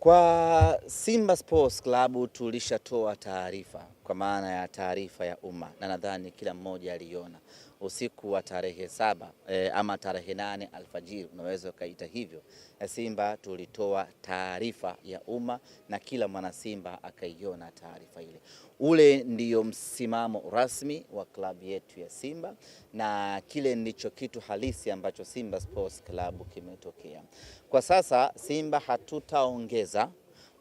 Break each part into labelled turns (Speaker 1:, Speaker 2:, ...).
Speaker 1: Kwa Simba Sports Club tulishatoa taarifa kwa maana ya taarifa ya umma, na nadhani kila mmoja aliona usiku wa tarehe saba e, ama tarehe nane alfajiri, unaweza ukaita hivyo. Eh, Simba tulitoa taarifa ya umma na kila mwana Simba akaiona taarifa ile. Ule ndiyo msimamo rasmi wa klabu yetu ya Simba na kile ndicho kitu halisi ambacho Simba Sports Club kimetokea kwa sasa. Simba hatutaongeza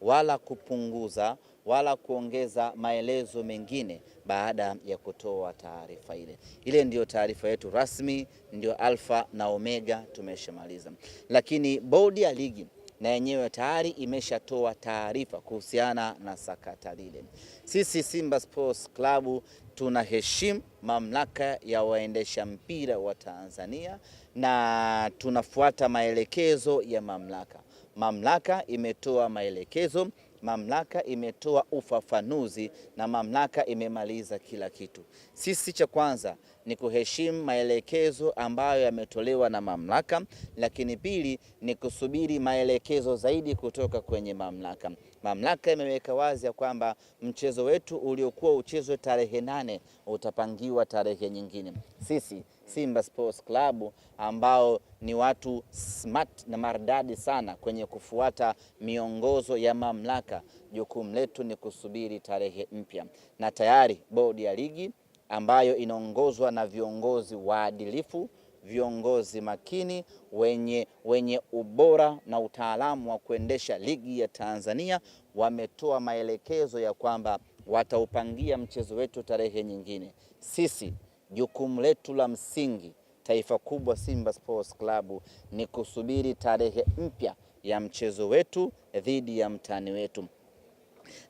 Speaker 1: wala kupunguza wala kuongeza maelezo mengine baada ya kutoa taarifa ile. Ile ndiyo taarifa yetu rasmi, ndio Alfa na Omega, tumeshamaliza. Lakini bodi ya ligi na yenyewe tayari imeshatoa taarifa kuhusiana na sakata lile. Sisi Simba Sports Club tunaheshimu mamlaka ya waendesha mpira wa Tanzania na tunafuata maelekezo ya mamlaka. Mamlaka imetoa maelekezo mamlaka imetoa ufafanuzi na mamlaka imemaliza kila kitu. Sisi cha kwanza ni kuheshimu maelekezo ambayo yametolewa na mamlaka, lakini pili ni kusubiri maelekezo zaidi kutoka kwenye mamlaka. Mamlaka imeweka wazi ya kwamba mchezo wetu uliokuwa uchezwe tarehe nane utapangiwa tarehe nyingine. Sisi Simba Sports Club ambao ni watu smart na maridadi sana kwenye kufuata miongozo ya mamlaka. Jukumu letu ni kusubiri tarehe mpya, na tayari bodi ya ligi ambayo inaongozwa na viongozi waadilifu, viongozi makini, wenye, wenye ubora na utaalamu wa kuendesha ligi ya Tanzania wametoa maelekezo ya kwamba wataupangia mchezo wetu tarehe nyingine sisi Jukumu letu la msingi taifa kubwa Simba Sports Club ni kusubiri tarehe mpya ya mchezo wetu dhidi ya mtani wetu,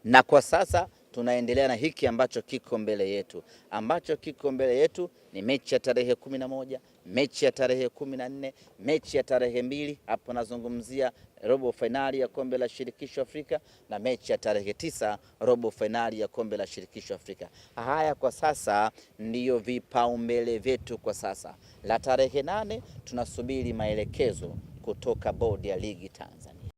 Speaker 1: na kwa sasa tunaendelea na hiki ambacho kiko mbele yetu. Ambacho kiko mbele yetu ni mechi ya tarehe kumi na moja, mechi ya tarehe kumi na nne, mechi ya tarehe mbili, hapo nazungumzia robo fainali ya kombe la shirikisho Afrika na mechi ya tarehe tisa, robo fainali ya kombe la shirikisho Afrika. Haya kwa sasa ndiyo vipaumbele vyetu kwa sasa. La tarehe nane tunasubiri maelekezo kutoka bodi ya ligi Tanzania.